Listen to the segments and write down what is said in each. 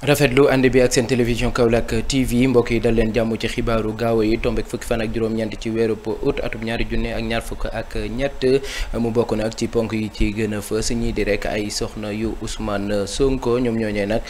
rafetlu ànd bi ak seen télévision Kaolack TV mbokk yi dal leen jàmm ci xibaaru gaaw yi tombek fukki fan ak juróom-ñeent ci po août atum ñaari junne ak ñaar fukk ak ñett mu bokk nag ci ponk yi ci gën a fës ñii di ay soxna yu Ousmane Sonko ñoom ñooñee nag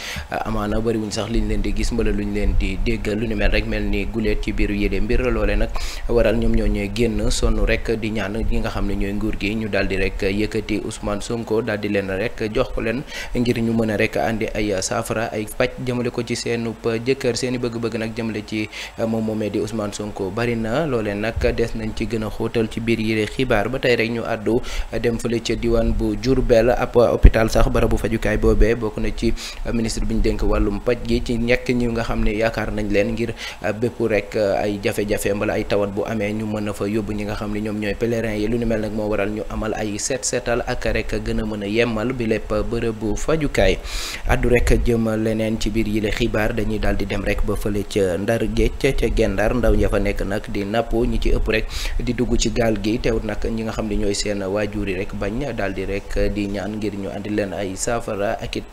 amaana bëriwuñ sax liñ leen di gis mbala luñ leen di déggal lu ni mel rek ni ci biir yédee mbir loole nag waral ñoom ñooñee génn sonn rek di ñaan ñi nga xam ne ñooy nguur gi ñu daal di rek yëkkati Ousmane Sonko daal di leen rek jox ko leen ngir ñu mën rek andi ay saafara ay paj jëmale ko ci seenub jëkkër seeni bëgg-bëgg nag jëmale ci eh, moom moomee di Ousmane Sonko bari na loolee nag des nañ ci gën a xóotal ci biir yile xibaar ba tey rek ñu àddu eh, dem fële ca diwaan bu Diourbel ab hôpital sax barabu fajukaay boobee bokk na ci eh, ministre bi ñu dénk wàllum paj gi ci ñekk ñi nga xam ne yaakaar nañ leen ngir bépp rek ay jafe-jafe mbala ay tawat bu amee ñu mën a fa yóbbu ñi nga xam ne ñoom ñooy pèlerin yi lu ni mel nag moo waral ñu amal ay seet seetal ak rek gën a mën bi lépp bërëbu fajukaay àddu rek jëm leneen ci biir yile xibaar dañuy daal di dem rek ba fële ca ndar géej ca gendar ndaw ña fa nekk nag di napp ñi ci ëpp rek di dugg ci gaal gi teewut nag ñi nga xam ne ñooy seen waajur yi rek bañ daal di rek di ñaan ngir ñu andi leen ay saafara ak it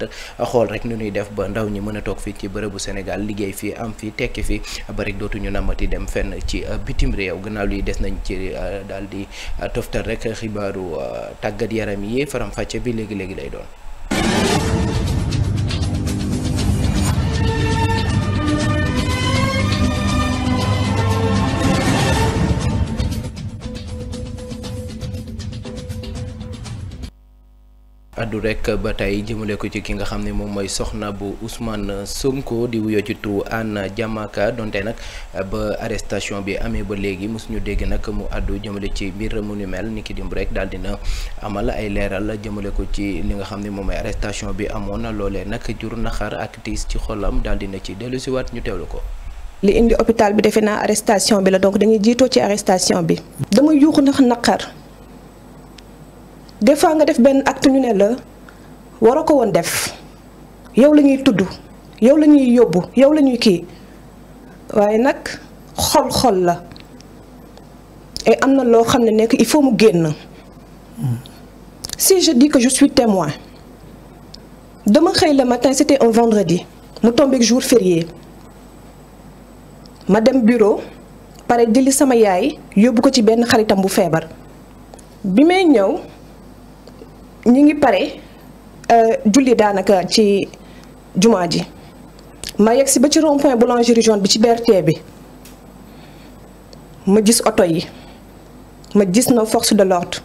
xool rek nu ñuy def ba ndaw ñi mën a toog fii ci bërëbu senegal liggéey fii am fii tekki fii ba rek dootuñu namati dem fenn ci bitim réew gannaaw luy des nañ ci euh, daal di toftal rek xibaaru euh, tàggat yaram yi faram-fàcce bi léegi léegi lay doon. addu rek ba tey jëmale ko ci ki nga xam ne moom mooy soxna bu Ousmane Sonko di wuyoo ci tu Anne Diamaka donte nag ba arrestation bi amee ba léegi mosuñu dégg nag mu addu jëmale ci mbir mu ni ni ki dimb rek daal dina amal ay leeral jëmale ko ci li nga xam ne moom mooy arrestation bi amoon na loolee nag jur naxar ak tiis ci xolam daal dina ci dellusiwaat ñu teewlu ko. li indi hôpital bi defe naa arrestation bi la donc dañuy jiitoo ci arrestation bi. dama yuuxu ndax naqar. des fois nga def ben acte ñu ne la waroo ko def yow lañuy ñuy tudd yow lañuy yobbu yow lañuy ki kii nak xol-xol la et amna na loo nek il faut mu génn si je dis que je suis témoin dama xey le matin c'était un vendredi mu tombeek jour férié ma dem bureau paré dili sama yaay yobbu ko ci ben xaritam bu feebar bi may ñew ñi ngi pare euh, julli daanaka ci jumaa ji ma yegg si ba ci rond point boulangerie jaune bi ci BRT bi ma gis oto yi ma gis na force de l'ordre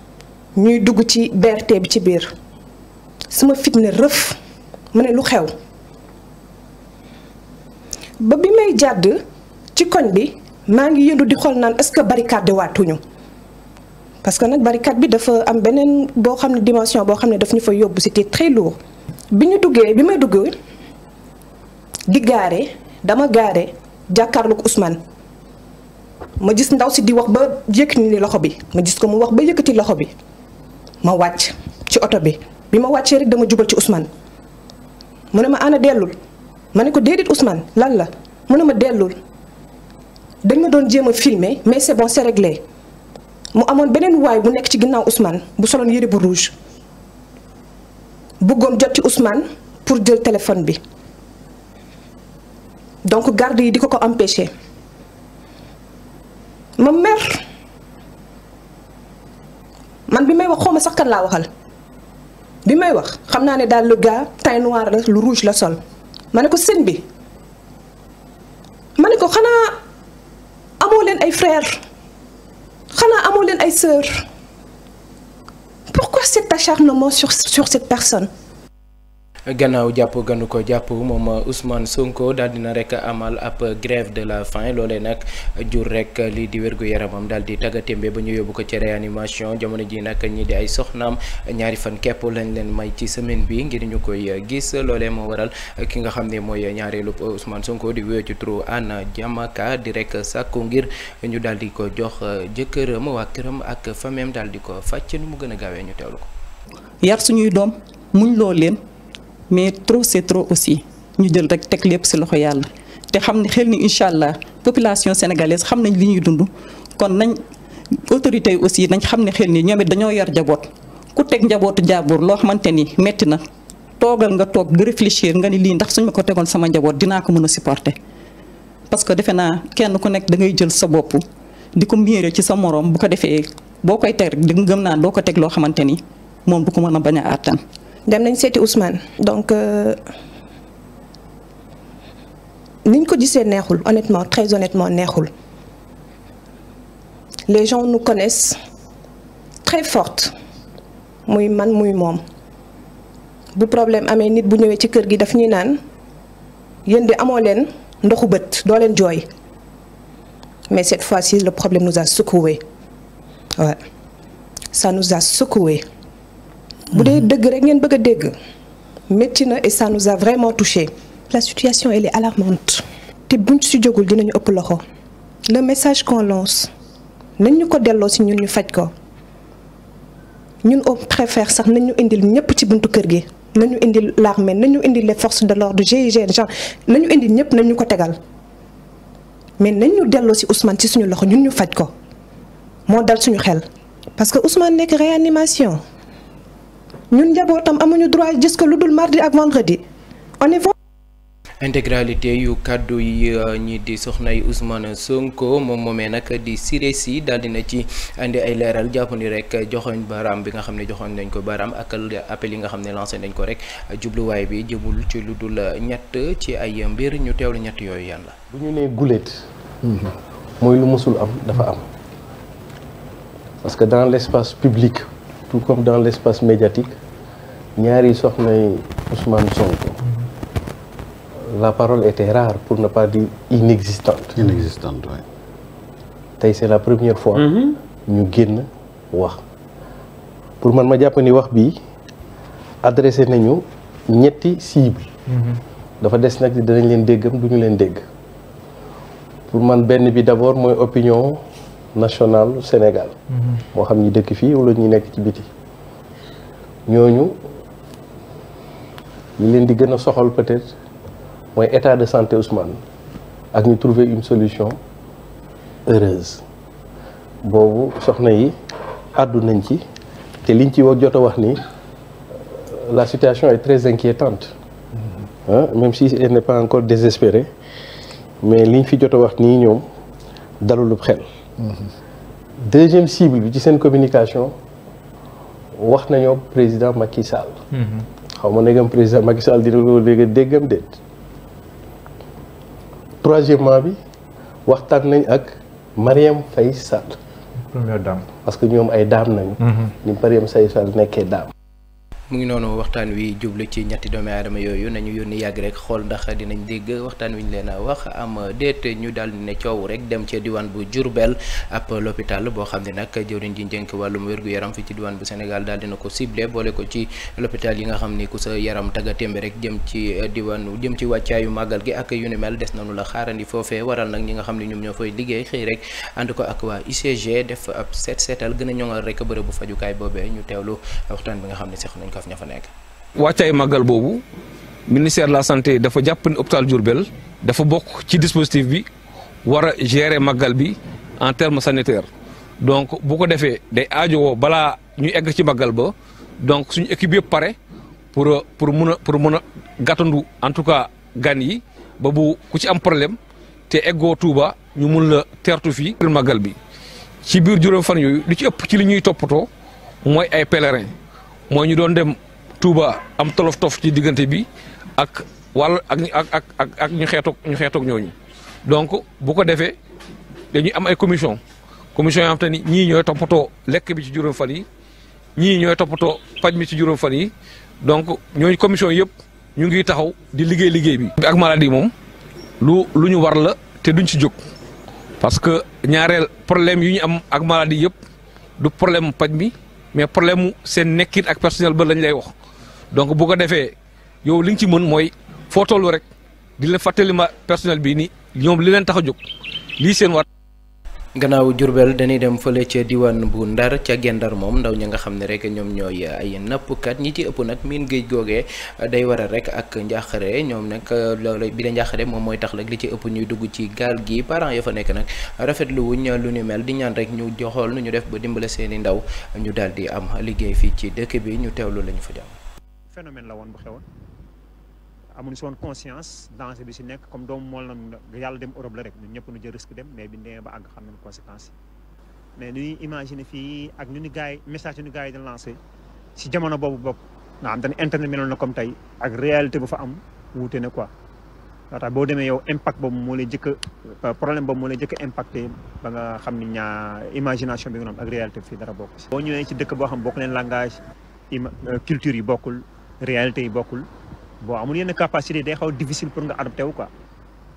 ñuy dugg ci BRT bi ci biir suma fit ne rëf ma ne lu xew ba bi may jàdd ci koñ bi maa ngi yëndu di xool naan est-ce que barricade waatuñu parce que la barricade bi dafa dimension boo je très lourd bi ñu suis bi may dama garé, Ousmane Je gis si di wax ba yëkkati ni loxo bi ma gis ko mu wax ba yëkkati je bi ma wàcc ci me bi bi ma rek dama ci Ousmane je ana suis Ousmane lan la ne filmer mais c'est bon c'est réglé mu amoon beneen waay bu nekk ci ginnaaw Ousmane bu soloon yére bu rouge bëggoon jot ci Ousmane pour jël téléphone bi donc garde yi di ko ko empêché ma mer man bi may wax xawma sakkan laa waxal bi may wax xam naa ne daal lu gaa teint noir lu rouge la sol ma ne ko sëñ bi ma ne ko xanaa amoo leen ay frère pourquoi cet acharnement sur sur cette personne gannaaw jàpp ganu ko jàpp moom Ousmane Sonko daal dina rek amal ab grève de la faim loolee nag jur rek lii di wérgu yaramam daal di taggatémbe ba ñu yóbbu ko ci réanimation jamono ji nag ñi di ay soxnaam ñaari fan képp lañ leen may ci semaine bi ngir ñu koy gis loolee moo waral ki nga xam ne mooy ñaareelu Ousmane Sonko di wéy ci turu Anna Diamaka di rek sàkku ngir ñu daal di ko jox jëkkëram waa këram ak famem daal di ko fàcc nu mu gën a gaawee ñu teewlu ko. mais trop c'est trop aussi ñu jël rek teg lépp si loxo yàlla te xam ne xel ni incha allah population sénégalaise xam nañ li ñuy dund kon nañ autorités yi aussi nañ xam ne xel ni ñoom dañoo yar njaboot ku teg njabootu jaabur loo xamante ni métti na toogal nga toog nga réfléchir nga ni lii ndax suñ ma ko tegoon sama njaboot dinaa ko mën a supporter parce que defe naa kenn ku nekk da ngay jël sa bopp di ko miiré ci sa morom bu ko defee boo koy teg rek di gëm naa doo ko teg loo xamante ni moom du ko mën a bañ a àttan dem nañ Ousmane donc euh, niñ ko gissé neexul honnêtement très honnêtement neexul les gens nous connaissent très forte muy man muy mom bu problème amé nit bu ñëwé ci kër gi daf ñuy naan yéen di amolén, ndoxu bët do len joy mais cette fois-ci le problème nous a secoué Ouais. ça nous a secoué bu deug rek ngeen bëgg dégg métti na et ça nous a vraiment touché la situation elle est alarmante Té buñ ci jogul dinañu ëpp loxo le message qu'on lance nañ ñu ko delloo ci ñun ñu fajj ko ñun on préfère sax nañ ñu indil ñëpp ci buntu kër gi nañu indil l'armée nañu indil les forces de l'ordre GIGN genre nañu indil ñëpp nañ ñu ko tégal. mais nañ ñu delloo si Ousmane ci suñu loxo ñun ñu fajj ko Mo dal suñu xel parce que Ousmane nek réanimation ñun njabootam amuñu droit gis ko lu mardi ak vendredi on est intégralité yu kàddu yi euh, ñi di soxna yi Ousmane Sonko di Siresi Sy daal dina ci andi ay leeral jàpp rek joxoñ baram bi nga xam ne joxoñ nañ ko baaraam ak appel yi nga xam ne lancé nañ ko rek jubluwaay bi jëmul ci lu ñett ci ay mbir ñu ñett yan la. lu am dafa am parce que dans l' espace public tout comme dans l' médiatique. ñaari soxnay Ousmane Sonko la parole était rare pour ne pas dire inexistante. inexistante oui. tay c'est la première fois. Mm-hmm. ñu guen wax. pour man ma japp ni wax bi adressé nañu ñetti cible mm-hmm. dafa des nag dañ leen déggam du leen dégg. pour man benn bi d'abord moy opinion nationale Sénégal. Mm-hmm. mo xam ñi dëkk fi wala ñi nekk ci biti ñoñu l'indigène leen di peut-être mooy état de santé Ousmane ak nous trouver une solution heureuse boobu vous yi à nañ ci et liñ ci wax euh, la situation est très inquiétante mm-hmm. hein, même si elle n'est pas encore désespérée mais liñ fi jot a wax nii xel mm-hmm. deuxième cible bi ci seen communication wax le président Macky Sall. Mm-hmm. xaw ma negam président Macky Sall dina ko léegi déggam déet troisièmement bi waxtaan nañ ak Mariam fay Sall. parce que ñoom ay daam nañu. Mm-hmm. ni Mariam Faye Sall nekkee daam. mu ngi noonu waxtaan wi jublu ci ñetti doomi aadama yooyu nañu yónni yàgg rek xool ndax dinañ dégg waxtaan wi ñu leen a wax am déet ñu daal di ne coow rek dem ca diwaan bu Diourbel ab l'hôpital boo xam ne jëwriñ yaram fi ci diwaan bu Sénégal daal dina ko ciblé boole ko ci l'hôpital yi nga ku sa yaram tagatémbe rek jëm ci diwaan jëm ci wàccaayu màggal gi ak yu ni mel des nañu la xaarandi foofee waral nag ñi nga xam ne ñoom ñoo fay rek ànd ko ak waa UCG def ab set seetal gën a rek bu fajukaay boobee ñu teewlu waxtaan bi nga xam ne sax ak ña fa nekk wàccaay màggal ministère de la santé dafa jàpp ne hôpital Diourbel dafa bokk ci dispositif bi wara a gérer màggal bi en terme sanitaire donc bu ko defee day aajowoo balaa ñu egg ci màggal ba donc suñu équipe yëpp pare pour pour mun a pour mun a gàttandu en tout cas gan yi ba bu ku ci am problème te eggoo Touba ñu mun la teertu fii magal bi ci biir juróom fan yooyu lu ci ëpp ci li ñuy toppatoo mooy ay pèlerin mooy ñu doon dem Touba am tolof tof ci diggante bi ak wàll ak ak ak ak ak ñu xeetoog ñu xeetoog ñooñu donc bu ko defee dañuy am ay commission commission yoo xam te ni ñii ñooy toppatoo lekk bi ci juróom fan yi ñii ñooy toppatoo paj mi ci juróom fan yi donc ñooñu commission yëpp ñu ngi taxaw di liggéey liggéey bi. ak maladie moom lu lu ñu war la te duñ ci jóg parce que ñaareel problème yu ñu am ak maladie yëpp du problème paj mi. mais problème mu seen nekkit ak personnel ba lañ lay wax donc bu ko defee yow li nga ci mën mooy foo toll rek di la ma personnel ni li leen tax seen gannaaw Diourbel dañuy dem fële ca diwaan bu ndar ca gendar moom ndaw ña nga xam ne rek ñoom ñooy ay nappkat ñi ci ëpp nag miin géej googee day waral rek ak njaaxare ñoom nag loolu bi la njaaxare moom mooy tax rek li ci ëpp ñuy dugg ci gaal gi parent ya fa nekk nag rafetlu wuñ lu nu mel di ñaan rek ñu joxool nu ñu def ba dimbale seeni ndaw ñu daal di am liggéey fii ci dëkk bi ñu teewlu lañu fa jàmm phénomène la woon bu xewoon amuñ si woon conscience danger bi si nekk comme doomu mool na yàlla dem Europe la rek ñun ñëpp nu jël risque dem mais bi demee ba àgg xam nañ conséquence mais ñuy imaginer fii ak ñu ni gars yi message yu gars yi di lancé si jamono boobu bopp nga xam te ne na comme tey ak réalité bu fa am wuute na quoi daa boo demee yow impact boobu moo la jëkk euh, problème boobu moo lay jëkk impacté ba nga xam ni ñaa imagination bi nga am ak réalité bi fii dara bokk si boo ñëwee ci dëkk boo xam bokk leen langage euh, culture yi bokkul réalité yi bokkul bon amul yenn capacité day xaw difficile pour nga adopté wu quoi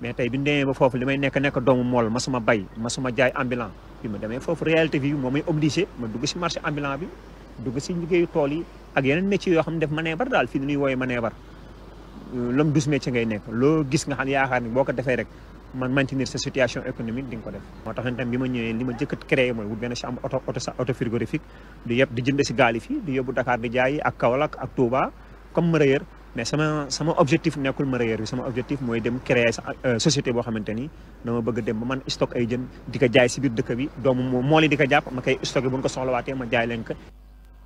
mais tey bi ñu demee ba foofu li may nekk nekk doomu mool masuma bay masuma jaay ambulant bi ma demee foofu réalité bi moom may obligé ma dugg si marché ambulant bi dugg si liggéeyu tool yi ak yeneen métiers yoo xam ne def maneebar daal fii ni ñuy wooyee maneebar euh, lom dus nekk loo gis nga xam yaakaar ni boo ko defee rek man maintenir sa situation économique di nga ko def moo tax tam bi ma ñëwee li ma jëkkat créé mooy wut benn chambre auto auto frigorifique di yëpp di jënd si gaal yi fii di yóbbu Dakar di jaay ak Kaolack ak Touba comme mareyeur mais sama sama objectif nekkul ma réer bi sama objectif mooy dem créer euh, société boo xamante ni dama bëgg dem ba man stock ay jën di ko jaay si biir dëkk bi doomu moo li di ko jàpp ma koy stocké bu ñu ko soxlawaatee ma jaay leen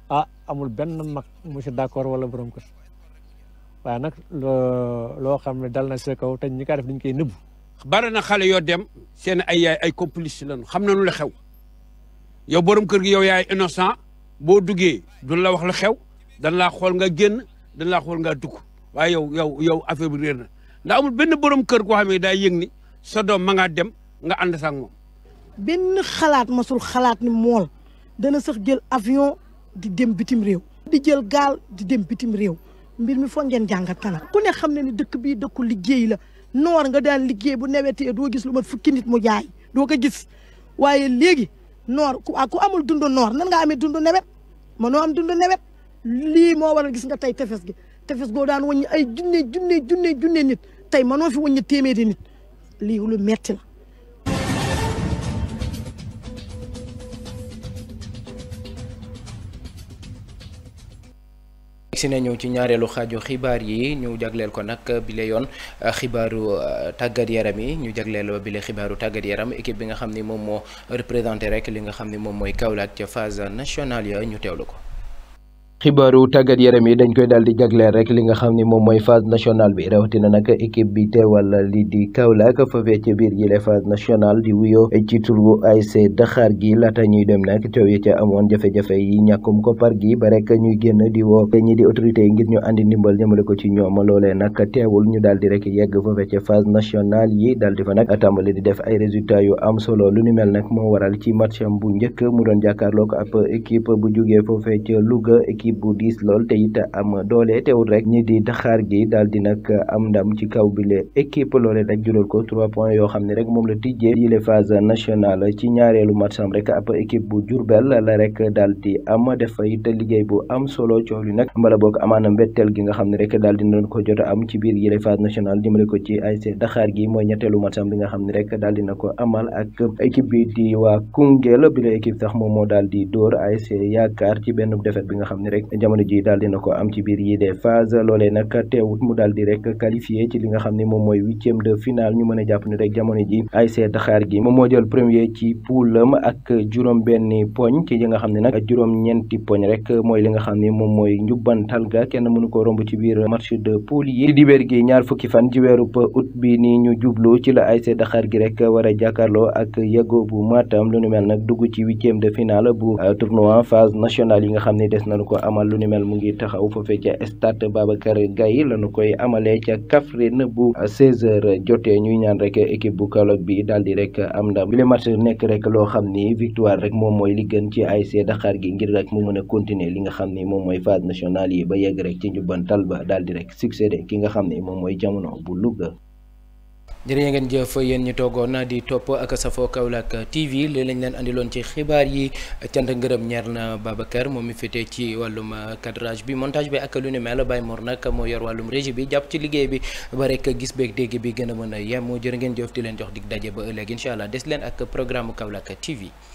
ah amul benn mag mu si d'accord wala borom kër waaye nag loo xam ne dal na sa kaw te ñi kaa def dañu koy nëbbu. bari na xale yoo dem seen ay yaay ay complice lañu xam nañu la xew yow borom kër gi yow yaay innocent boo duggee duñ la wax la xew dan laa xool nga génn. dañ laa xool ngaa dugg waaye yow yow affaire bi réer na ndaxamul benn borom kër koo xam ne daay yëg ni sa doom ma ngaa dem nga ànd sax moom. benn xalaat masul xalaat ni mool dana sax jël avion di dem bitim réew. di jël gaal di dem bitim réew mbir mi foog ngeen jàngat kana ku ne xam ne ni dëkk bii dëkku liggéey la noor nga daan liggéey bu newetee doo gis lu ma fukki nit mu jaay doo ko gis waaye léegi noor ku ah, amul dund noor nan nga amee dund newet noo am dund newet. lii moo waral gis nga tey tefes gi tefes goo daan wàññi ay junne junne junne junne nit tey mënoo fi wàññi téeméeri nit lii lu metti la. si na ñëw ci ñaareelu xaaju xibaar yi ñu jagleel ko nag bile yoon euh, xibaaru euh, tàggat yaram yi ñu jagleel bile xibaaru tàggat yaram équipe bi nga xam ni moom moo représenté rek li nga xam ni moom mooy Kaolack ca phase nationale ya ñu teewlu ko xibaaru tàggat yaram yi dañ koy daal di jagleel rek li nga xam ni moom mooy phase nationale bi rawatina nag équipe bi teewal li di Kaolack foofee ci biir yi la phase nationale di wuyoo ci turu ASC Daxaar gi laata ñuy dem nag coow ya ca amoon jafe-jafe yi ñàkkum koppar gi ba rek ñuy génn di woo ñi di autorité yi ngir ñu andi ndimbal ñëmale ko ci ñoom loolee nag teewul ñu daal di rek yegg foofee ci phase nationale yi daal di fa nag tàmbali di def ay résultats yu am solo lu ni mel nag moo waral ci match bu njëkk mu doon jàkkaarloo ko ab équipe bu équipe bu diis lool te it am doole teewul rek ñi di daxaar gi daal di am ndam ci kaw bi le équipe loole rek jural yoo xam ne rek moom la tijjee yi les phase nationale ci ñaareelu matcham rek ab bu Diourbel la rek daal di am dafa it liggéey bu am solo coow li nag mbala boog amaana mbetteel gi nga xam ne rek daal di nañ ko jot a am ci biir yi les phase nationale dimbale ko ci ASC daxaar gi mooy ñetteelu matcham bi nga xam ne rek daal dina ko amal ak équipe bi di waa Koungheul bi équipe sax moom moo daal di dóor ASC yaakaar ci benn defet bi nga xam ne rek rek jamono ji daal na ko am ci biir yi de phase loolee nag teewut mu daal di rek qualifié ci li nga xam ne moom mooy huitième de finale ñu mën a jàpp ni rek jamono ji ASC Daxaar gi moom moo jël premier ci poulam ak juróom benni poñ ci li nga xam ne nag juróom ñeenti poñ rek mooy li nga xam ni moom mooy njubbantal ga kenn mënu ko romb ci biir marché de poule yi di dibéer gi ñaar fukki fan ci weeru août bi ni ñu jublu ci la ASC Daxaar gi rek war a jàkkaarloo ak Yago bu Matam lu nu mel nag dugg ci huitième de finale bu euh, tournoi phase nationale yi nga xam ne des nañu ko am amal lu ni mel mu ngi taxaw foofee ca stade Babacar Gaye la ñu koy amalee ca Kaffrine bu 16h jotee ñuy ñaan rek équipe bu Kaolack bi daal di rek am ndam bi le nekk rek loo xam ni victoire rek moom mooy li gën ci ASC Dakar gi ngir rek mu mën a continuer li nga xam ni moom mooy phase nationale yi ba yegg rek ci njubbantal ba daal di rek succédé ki nga xam ni moom mooy jamono bu Louga. jërë ngeen jëf yéen ñu toogoon di topp ak safoo Kaolack TV li lañ leen andiloon ci xibaar yi cant ngërëm ñeer na Babacar moom mi féetee ci wàllum cadrage eh, bi montage bi ak lu ni mel Baye Mor nag moo yor wàllum régie bi jàpp ci liggéey bi ba rek gis beeg dégg bi gën a mën a ngeen jëf di leen jox dig daje ba ëllëg incha allah leen ak programme Kaolack TV.